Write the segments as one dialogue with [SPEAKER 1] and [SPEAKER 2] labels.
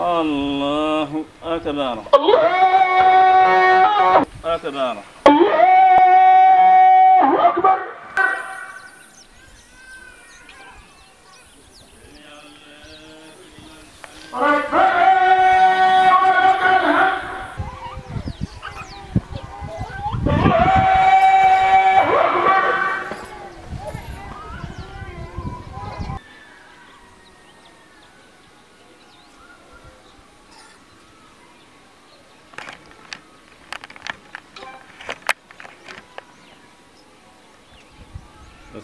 [SPEAKER 1] الله أكبر الله أكبر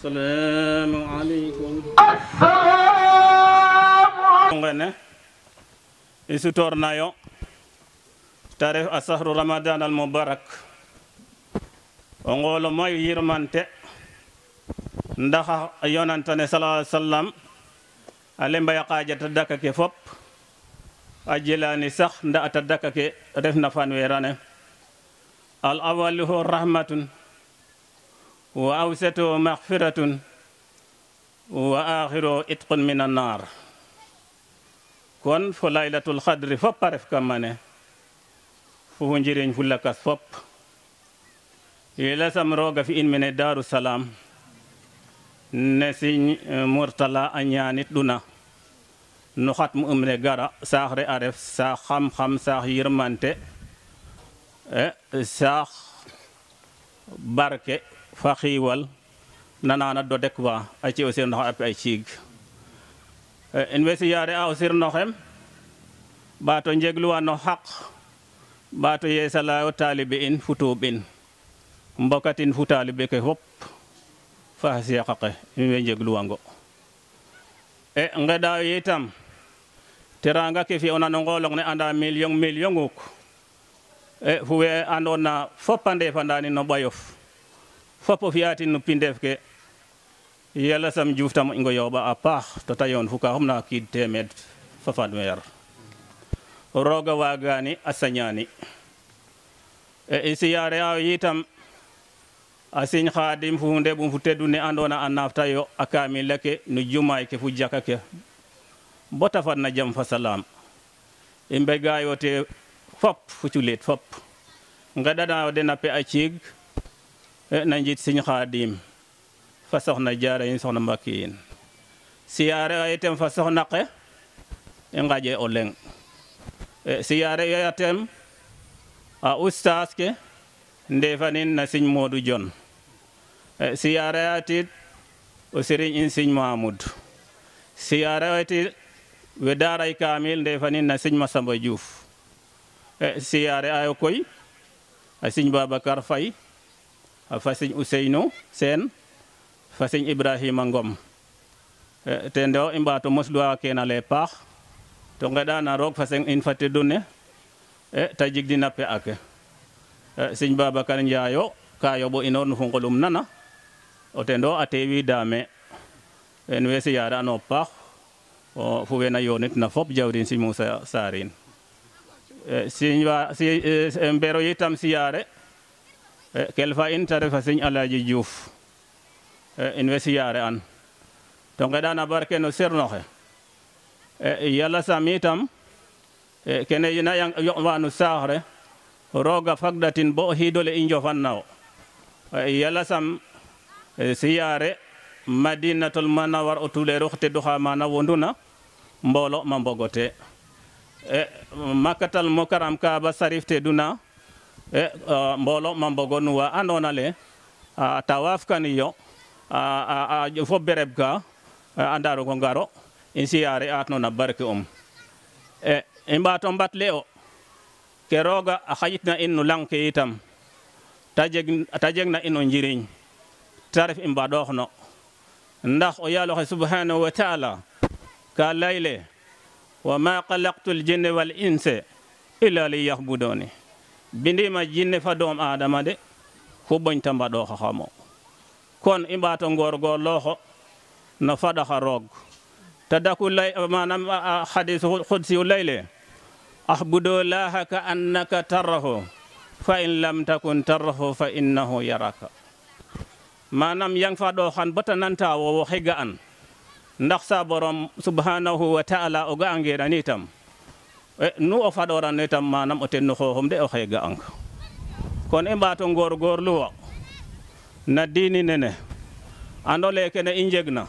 [SPEAKER 1] assalaamu aleykum ngene i sutornayo ta ref ramadan al mubarak o ngoolo mayu yirmante ndax yonantane sallallahu alayhi wa sallam a fop a sax nda ata daka ke refna fanweerane al awaluhu rahmatun wa awsatu maxfiratun wa axiru itqun min annaar kon fo laylatul xadri fop a ref kam mane fofo njiriñ fu lakas fop yelasam rooga fi'in mene daaru salaam ne siñ murtala a ñaanit ɗuna no xat mu um ne gara saax re a ref saax xam-xam saax yirmante eh, saax barke fa xiiwal nanana do dek wa a ci o sirno api ay ciig eh, in way siyaare a o xem ɓaato njegluwa no xaq ɓaato yeesalayo taalibe in futuuɓ in mbokatin fu taalibe ke fop fa siyaqa eh, ke in way njegluwango e ngeɗayo yitam teranga ke fi'ona no nqoolong ne anda million million uk e fu we andoona fop a ndeefandani no ɓayof foppo fiyatin no pindeef ke sam juuf tam i a paax to tayoon fu ka xomna kiid teemeed fa fanweer rooga waagaani a sañaani e i siyaare yitam a siñ xaadim fu ndeɓum fu teddu ne andoona a naaftayo a kaamila ke no fu jaka bo ta jam fa salaam mbegaayo te fop fu culeet fop ngeɗanayo den a a ciig Eh, nañ jiit siñ xaadim fa soxna jaara yin soxna mbakki yin siyaare a itam fa soxna ke i eh, ngaje o eh, siyaare a itam a ah, ustaas ke ndefanin na siñ moodu jon siyaare a tit o in siñ maamud siyaare a tit we daaray kaamil ndefanin na siñ masamba juuf siyaare a koy a siñ babacar fay a sëñ Ousseynou Sène fa Ibrahima Ngom e, te nde i mbaato mosluwa keenale paax to ngeɗana roog fa in fa teddune e ta jigdina pe ake sëñ Babacar Ndiayo ka yoɓo inoor no fo ngolum nana o ten o a teewi daame en we siyaarano paax fo we na yoonit na fop jawrin e, sëñ Moussa Sarine sëñ wa yitam siyaare Eh, kelfa in ta refa seigne alaji eh, in way siyaare an to ngeɗana barke no sernoxe eh, yala sami kene na yoɓwa saaxre rooga fagɗatin bo xiidole i njofanna o yala sam siyaare madinatul manawar o tuleeru tedduxa mana wonduna mboolo ma mbogote makkatal mokaram kaaba sarif tedduna e mbolo mambogo nuwa andona le ah, ta wafkaniyo ah, ah, fo bereb ka eh, a ngaro i siyare atno barke um e i mbat le o ke a xajitna in no lang ke itam na in njiriñ ta ref i mbaɗooxno ndax o yaaloxe subhanahu wa taala ka lay le wa ma qalaqtu jinne wal inse ila li yaxbudooni bindima jinne fa doom adama de fu ɓoñta mbaɗo xo xamo kon i mbato ngorgorlooxo no faɗa xa roog te daku lay manam hadis xudsiyu lay le ahbudo laha ka annaka fa in lam takun tarahu fa innahu yaraka manam yang fa ɗoxan bata nanta wo wo an ndax sa borom subhanahu wa taala o ga'angenan Eh, nu o faɗorano itam manam o ten no xooxum de o xey ga'ang kon i mbaato ngorgorlu wo na diini nene ando le kene i njegna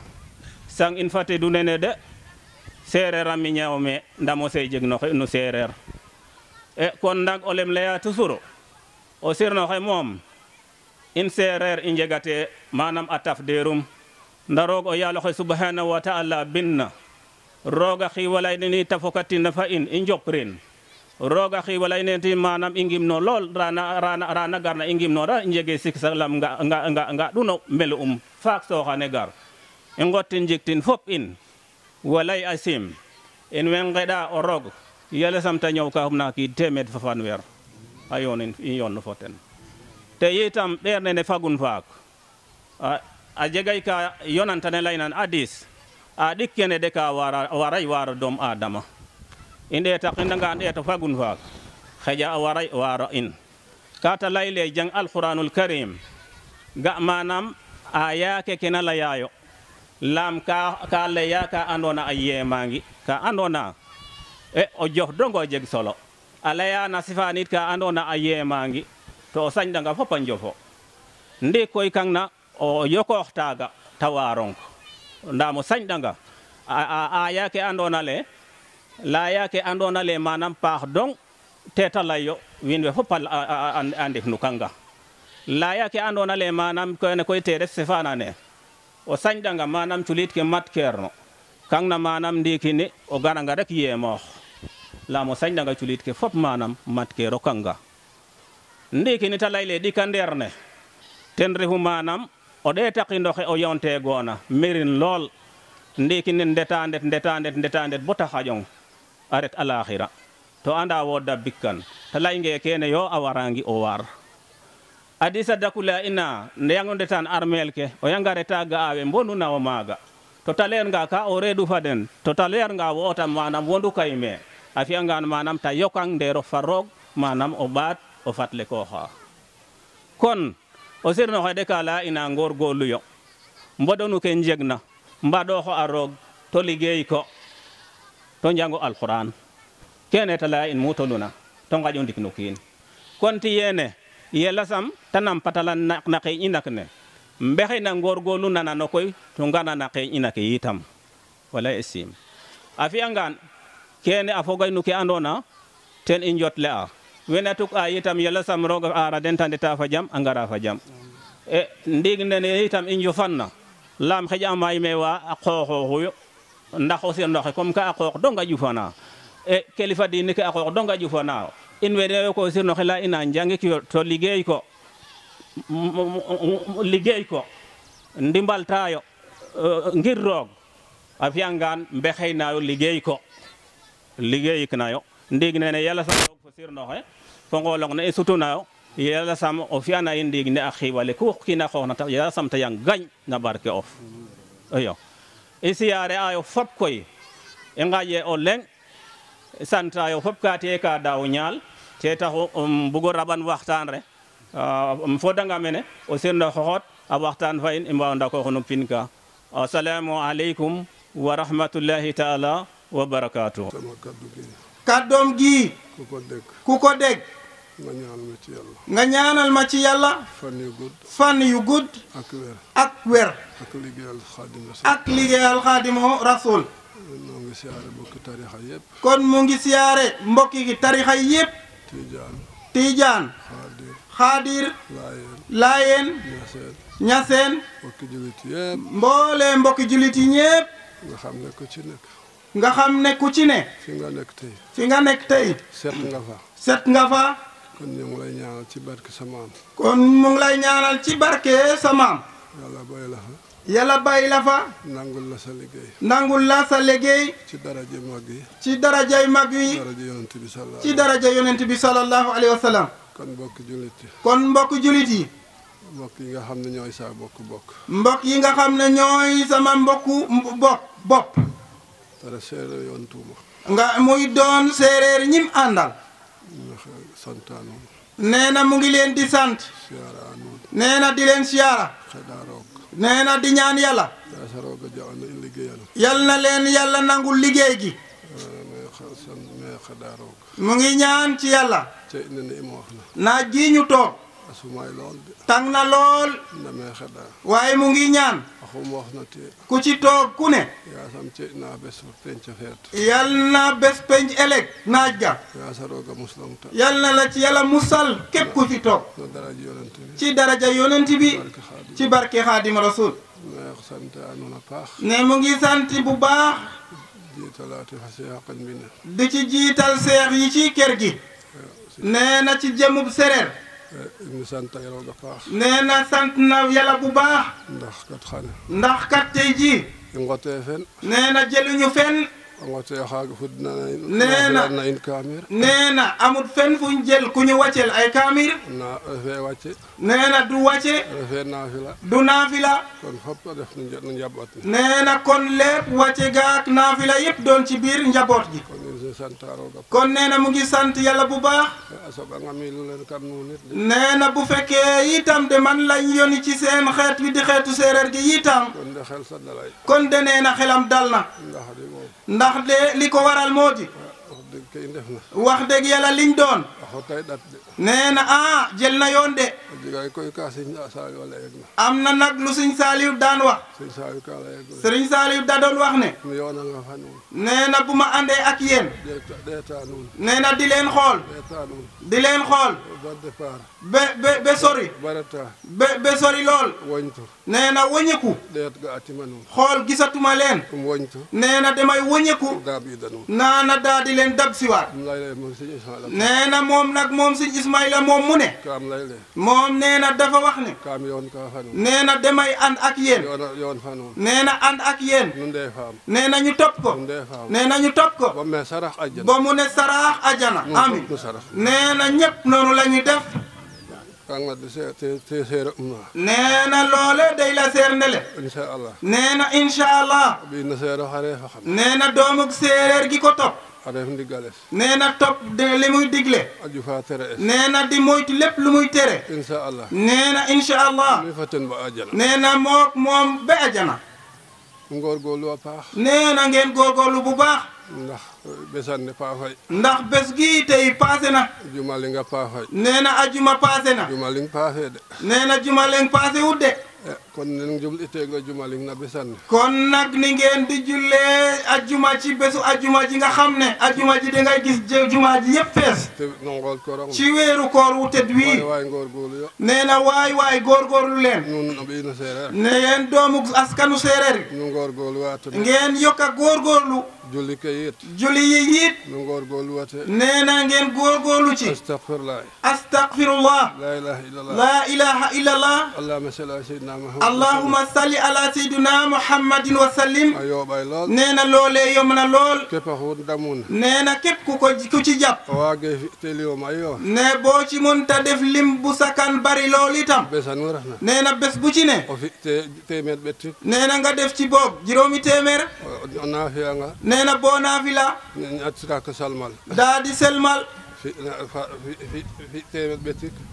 [SPEAKER 1] sang in fatidu nene de seereer a miñaaw me ndam o sey jeg no xe nu seereer e kon ndag o lem leya o sirno xe moom in seereer i njegate manam a taf deerum nda roog o yaaloxe subhanahu wa taala binna roga hiwalayni ni tafokattinna fa in i joprin roga hiwalayni ti manam i gimno lool rana rana rana garna i gimnoɗa jege sik salam nga nga nga ɗuno mbelu um faak soxane gar i ngottin jiktin fop in walay a sim in we ngeɗa o roog yala sam ta ñow ka xumna kiid temed fa fanweer a yonin i yoon fo ten te yitam ɓeer nene fagun faak a jegay ka yonantane laynan a dis aɗik kene de ka waray waro doom adama i ndeeta qindangaan ɗeeta fagun faak xeƴa a waray waaro in ka ta layle jang alqouranul karim ga manam a yaake ke na layaayo laam ka ka andoona a yeemaangi ka andoona e o jox dongo jeg solo a layana sifanit ka andoona a yeemaangi to o sañɗanga fop a njofo ndi koy o yokoox ta waarong nda mo sañɗanga a aya ke andoona le laaya ke andoona le manam paax dong te ta lay yo wiin we fop a ndef no kanga laaya ke andoona le manam kene koy te ref sefaana o sañɗanga manam culiit ke mat keerno kang na manam ndiiki ni rek yeemoox laam o sañɗanga culiit ke fop manam mat kanga ndiiki ni ɗika ndeer ten refu manam oɗe taqidoxe o yontegona mirin lool ndiki nen ndeta ndet ndeta ndet ndeta a ret alaxira to anda wo dabik kan te leyinge a warangi o war a disa daku ina ndeyango ndetan armel o yanga reta ga'awe mbonunawo maaga to ta leyanga o reedu fa den to ta leyanga wo otam kay me a fiyangan manam ta yokang ndero fa roog o ɓaat o fatle koxa kon o serno xeɗe ka leya ina yo mboɗonu ke jeg na mbaɗoxo a roog to liggéey ko to njango alquran kene te leya in mutoluna to ngaƴo ndik no kiin kon ti yene yelasam ta nam patala inak ne mbexey na ngorgorlu nanano koy to ngana na qeeñ inake yitam wala esim a fi'angan kene a fogay ke andona ten i njotle a wenatuk a yitam yalla sam roog den tande ta fa jam a ngara fa jam e ndiig nene yitam i njufanna laam xeƴa may me wa a qooxooxuyo ndax o sirndoxe comme ka a qoox dong a ƴufana e kilifa diine ke a qoox dong a ƴufana in wene yo ko sirnoxe leya ina njangik to liggéey ko liggéey ko e, ngir roog a fiyangaan mbexey nayo liggéey ko liggéeyik nayo ndiig nene yalla sa sirnoxe fo ngolong ne e yala sam o fiyana in ndiig ne a xiiwale ku yala sam ta gañ na barke of iyo i ayo fop koy i ngaƴe o leŋ santayo fop ka tiye daaw ñaal te taxu um, bugo raɓan waxtaan re uh, um xoxot a waxtaan fa i mbaaw ndakoox no pin assalamu aleykum wa taala wa
[SPEAKER 2] kàddoom gii. ku ko ku ko dégg. nga
[SPEAKER 3] ma
[SPEAKER 2] ci yàlla. nga yu gudd. fan yu gudd. ak
[SPEAKER 3] ngi siyaare mbokki tarixa yëpp.
[SPEAKER 2] kon mu ngi siyaare mbokki tarixa yëpp. Tijaan. Tijaan. Xaadir. Ñaseen. mbokki jullit yëpp. mboolee mbokki jullit yi ñëpp. nga xam ne ku ci ne.
[SPEAKER 3] fi nga nekk tey.
[SPEAKER 2] fi nga nekk tey.
[SPEAKER 3] set nga fa.
[SPEAKER 2] set nga fa.
[SPEAKER 3] kon ñu lay ñaanal ci barke sa maam.
[SPEAKER 2] kon mu lay ñaanal ci barke sa maam. yàlla bàyyi la fa. yàlla bàyyi la fa.
[SPEAKER 3] nangul la sa liggéey.
[SPEAKER 2] nangul la sa liggéey.
[SPEAKER 3] ci daraja mag yi.
[SPEAKER 2] ci darajay mag yi. daraja
[SPEAKER 3] yonent bi sallallahu. ci daraja
[SPEAKER 2] yonent bi sallallahu alayhi wa
[SPEAKER 3] kon mbokk julit yi.
[SPEAKER 2] kon mbokk julit yi. mbokk yi nga xam ne ñooy sa bokk bokk. mbokk yi nga xam ne ñooy sama mbokku mbokk bopp.
[SPEAKER 3] dana seere
[SPEAKER 2] nga muy doon séeréer ñim àndal. santaanoon. nee na mu ngi leen di sant. siyaaraanoon. na di leen siyaara. xedaaroog. nee na di ñaan yàlla.
[SPEAKER 3] yaasarooga na
[SPEAKER 2] in yal na leen yàlla nangul liggéey gi. mu ngi ñaan ci yàlla. te indi ñu toog.
[SPEAKER 3] asumaay lool
[SPEAKER 2] tàng na lool
[SPEAKER 3] waaye mu ngi ñaan ku ci toog ku ne yaasam ci
[SPEAKER 2] yal na bés penc elek naaj ga yaasa yal na la ci yàlla musal képp ku ci toog na daraja yonent ci daraja yonent bi ci barke xaadim rasul ne mu ngi sant bu baax
[SPEAKER 3] jiitalaati fa
[SPEAKER 2] di ci jiital seex yi ci kër gi nee na ci jëmub sereer
[SPEAKER 3] Eh, ñu sant yàlla bu
[SPEAKER 2] na sant na bu baax.
[SPEAKER 3] ndax kat xane.
[SPEAKER 2] ndax kat tey jii. ngotee fen. nee na jëluñu fen. ngotee xaaga fudd na nee in kaamir. nee amut fen fu jël ku ñu wàcceel ay kaamir.
[SPEAKER 3] naa
[SPEAKER 2] du wàcce. refee naafila. du naafila.
[SPEAKER 3] kon fop a def nu njaboot. nee na kon lépp wàcce gaak naafila yëpp
[SPEAKER 2] doon ci biir njaboot gi. kon nee na mu ngi sant yàlla bu baax. nee na bu fekkee itam de man lañ yónni ci seen xeet wi di xeetu séeréer gi kon de nee na xelam dal na. ndax de li ko waral moo di.
[SPEAKER 3] wax dëgg yàlla liñ
[SPEAKER 2] doon. nee na ah jël na de.
[SPEAKER 3] digaay koy ka na
[SPEAKER 2] am na nag lu sëñ Saaliw daan wax sëñ Saaliw ka la yegg na sëriñ Saaliw wax ne nee na bu ma àndee ak yéen
[SPEAKER 3] nee na di leen xool deetaa di leen xool ba départ
[SPEAKER 2] ba ba ba sori barata ba sori lool nee na wëñeku deet ga atima nuun xool gisatuma leen
[SPEAKER 3] um woñtu nee na damay wëñeku daab ida nuun
[SPEAKER 2] naa na daa di leen dab siwaat nee na moom nag moom sëñ Ismaila moom mu ne moom moom nee na dafa wax ne kam yoon ka na damay ak yéen yoon xanu nee na ànd ak yéen nu ndee faam nee ñu topp ko nee na ñu topp sarax ajjana amin nee na ñëpp noonu la def nee loole day la seer ndele incha allah nee na incha allah nee gi ko topp a hum diggales nee na topp de li muy digle
[SPEAKER 3] aju fa tere es nee di
[SPEAKER 2] moytu lépp lu muy tere
[SPEAKER 3] inchallah nee na
[SPEAKER 2] inchallah mi faten ba ajana nee na moom ba ajana góorgóorlu a paax nee ngeen góorgóorlu bu baax
[SPEAKER 3] ndax eh, besande paafay
[SPEAKER 2] ndax bés gii tey paase na
[SPEAKER 3] juma li paafay nee
[SPEAKER 2] ajuma paase na juma li de nee na paase wut de
[SPEAKER 3] Eh, kon nag jublu ittee nga ni
[SPEAKER 2] ngeen di jullee ajjuma ci bésu ajjuma ji nga xam ne ajuma ji da gis juma ji yëpp fees ci weeru koor wu tedd wii nee na waay waay góorgóorlu leen ne yeen doomu askanu séeréer
[SPEAKER 3] ngeen yokk
[SPEAKER 2] a góorgóorlu
[SPEAKER 3] julli kayit
[SPEAKER 2] julli yi yiit
[SPEAKER 3] na ngeen góorgóorlu ci astagfirullah
[SPEAKER 2] astagfirullah la
[SPEAKER 3] ilaha illallah la ilaha illallah allahumma salli ala sayyidina muhammad allahumma salli a yooɓay lool nee na loolee
[SPEAKER 2] lool képp ku damun nee na ko ku ci jàpp
[SPEAKER 3] waage teliom ayo
[SPEAKER 2] def lim bu sakan bari lool itam besan nee na bés bu ci ne o
[SPEAKER 3] fi téeméer ɓetti nee na nga def
[SPEAKER 2] ci boob juróomi téeméer
[SPEAKER 3] o naafiyanga nee na boo naafila. ñaati
[SPEAKER 2] daa di selmal.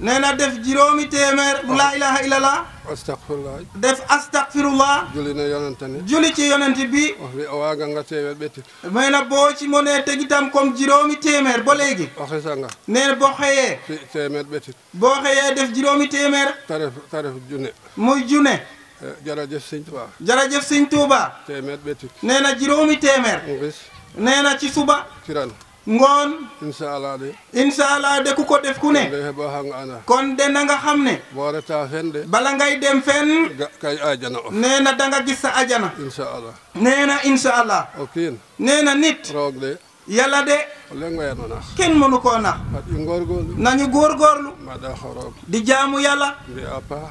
[SPEAKER 3] nee na def juróomi téeméer. bu laa ilaha illallah. astaghfirullah.
[SPEAKER 2] def astaghfirullah. julli na yonent ne. julli ci yonent bi. waa nga nga téeméer betti. nee boo ci mënee teg itam comme juróomi téeméer ba léegi. waxi sanga. nee na boo xëyee.
[SPEAKER 3] fi téeméer betti.
[SPEAKER 2] boo xëyee def juróomi téeméer. tarif tarif muy junne. Eh, jërëjëf sëñ Touba. jërëjëf sëñ Touba.
[SPEAKER 3] téeméer bettit.
[SPEAKER 2] nee na juróomi téeméer. nee na ci suba. ci ren. ngoon.
[SPEAKER 3] incha allah de.
[SPEAKER 2] incha allah de ku ko def ku ne. kon de na nga xam ne. boo retaa fen de. bala ngay dem fenn.
[SPEAKER 3] ga kay ajana na da
[SPEAKER 2] nga gis sa ajana. incha allah. nee na allah. ok. nit. roog de. kenn mënu koo nax nañu góorgóorlu di jaamu yàlla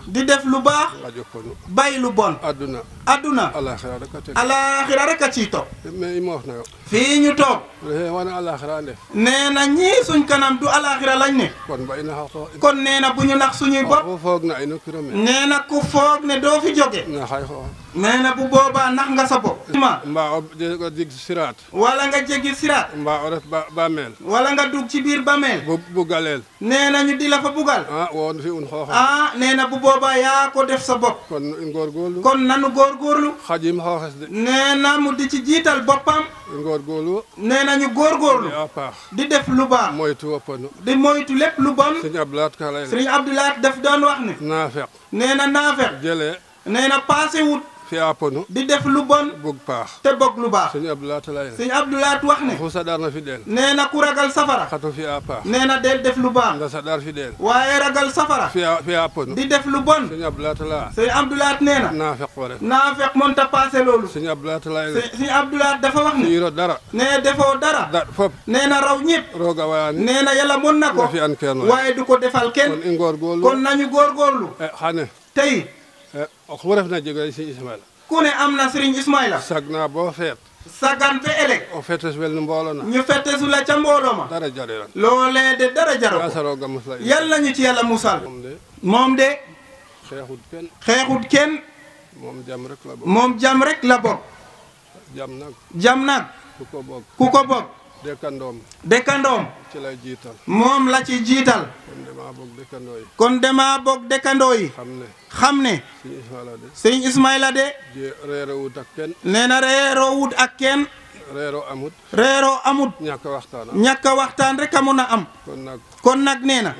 [SPEAKER 2] di def lu baax bàyyi lu bon adduna alaaxira rek a ciy topp fii ñu toog nee na ñii suñ kanam du alaaxira lañ ne kon nee na bu ñu nax suñuy bopp nee na ku foog ne doo fi jóge nee na bu boobaa nax nga sa bopp. mbaa o jéggi siraat. walla nga jéggi siraat. mbaa o ref bàmmeel. wala nga dugg ci biir bàmmeel. bu bugaleel. nee na ñu di la fa bugal. ah woon fi un xooxam. ah nee na bu boobaa yaa ko def sa bopp. kon góorgóorlu. kon nanu góorgóorlu. xajim xooxes de. nee na mu di ci jiital boppam. góorgóorlu. nee na ñu góorgóorlu. di def lu baax. moytu ëppanu. di moytu lépp lu bon. sëñ Abdoulaat Kalaye. sëñ Abdoulaat daf doon wax ne. naafeq. nee na naafeq. jëlee. nee na paase wut. fi fiyaaponu di def lu bon bëgg paax te bëgg lu baax sëñ abdoulaat lay sëñ abdoulaat wax ne ku fi deel nee na ku ragal safara xatu fiyaa paax nee na del def lu baax nga sadaar fi deel waaye ragal safara fiya fiyaaponu di def lu bon sëñ abdoulaat laa sëñ abdoulaat nee na naa feq naa feq moom ta loolu sëñ abdoulaat lay sëñ abdoulaat dafa wax ne yiro dara nee defoo dara da fop nee na raw
[SPEAKER 3] ñëpp rooga wayaani nee na yàlla mën na ko fi an kenn waaye du ko defal kenn kon nañu góorgóorlu eh, xane tey ku eh, ref na jega sëñ Ismaila ku
[SPEAKER 2] ne am na sëriñ Ismaila
[SPEAKER 3] sag naa boo feet
[SPEAKER 2] sagante ëllëg
[SPEAKER 3] o fetes wel no mbooloo na ñu fetesu la ca mbooloo ma dara jariran loolee de dara jaroko yàlla ñu ci yàlla musal
[SPEAKER 2] moom de xeexut kenn xeexut kenn moom jam rek la bokk jam rek la bokk jam nag jam nag ku ko bokk ku ko bokk dëkkandoom dëkkandoom ci lay jiital moom la ci jiital
[SPEAKER 3] kon demaa boog dëkkandoo
[SPEAKER 2] yi kon demaa boog dëkkandoo yi xam ne xam ne sëñ Ismaila de sëñ Ismaila de reeroo wut na reeroo wut ak
[SPEAKER 3] kenn reeroo amut reeroo amut ñàkk waxtaan ñàkk
[SPEAKER 2] waxtaan rek a mun a am kon nag kon nag nee na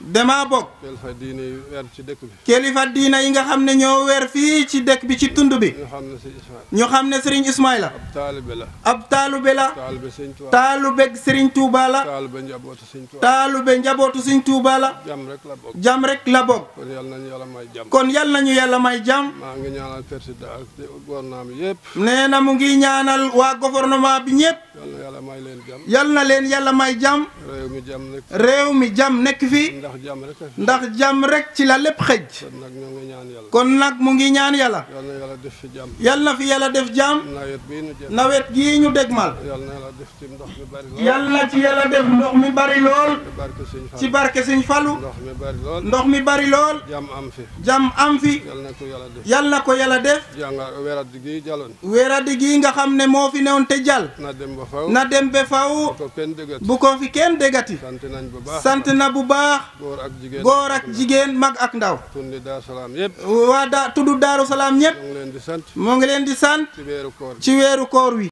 [SPEAKER 2] damaa bokk. kilifa diine yi
[SPEAKER 3] ci dëkk bi. kilifa
[SPEAKER 2] diine yi nga xam ne ñoo weer fii ci dëkk bi ci tund bi. ñu xam ne Serigne Ismaïla. ab taalibe la. ab taalibe la. taalibe
[SPEAKER 3] Serigne Touba. taalibe Serigne Touba la. taalibe njabootu Serigne Touba. taalibe
[SPEAKER 2] njabootu Serigne Touba la. jam rek la bokk. rek la
[SPEAKER 3] bokk. kon yal nañu yàlla may jàmm. kon yàlla may jàmm. maa
[SPEAKER 2] ngi na mu ngi ñaanal waa gouvernement bi ñëpp. yal na leen jàmm. yal na leen yàlla may jàmm. réew mi jàmm nekk fi. ndax jàmm rek ndax jàmm rek ci la lépp xëj. kon nag ñoo ngi ñaan yàlla. kon nag mu ngi ñaan yàlla.
[SPEAKER 3] yal na yàlla def fi jàmm. yal na
[SPEAKER 2] fi yàlla def jàmm.
[SPEAKER 3] nawet bii ñu dégmal nawet gii ñu dégmal. yal na yàlla def ci mi bari lool. yal na ci yàlla def ndox mi bari lool. ci barke Sëñ Fallu. ndox mi bari lool. ndox mi bari lool. jàmm am fi. yal na ko yàlla def.
[SPEAKER 2] weeradi gii nga xam ne moo fi newoon te jàll. na dem ba faw. na dem ba faw. bu ko fi kenn déggati. sant nañ bu baax sant na bu baax. góor ak jigéen góor ak jigéen mag ak ndaw. tudd Daaru Salaam yëpp. waa daa tudd Daaru Salaam ñëpp. moo ngi leen di sant. moo ngi leen di sant. weeru koor ci weeru koor wi.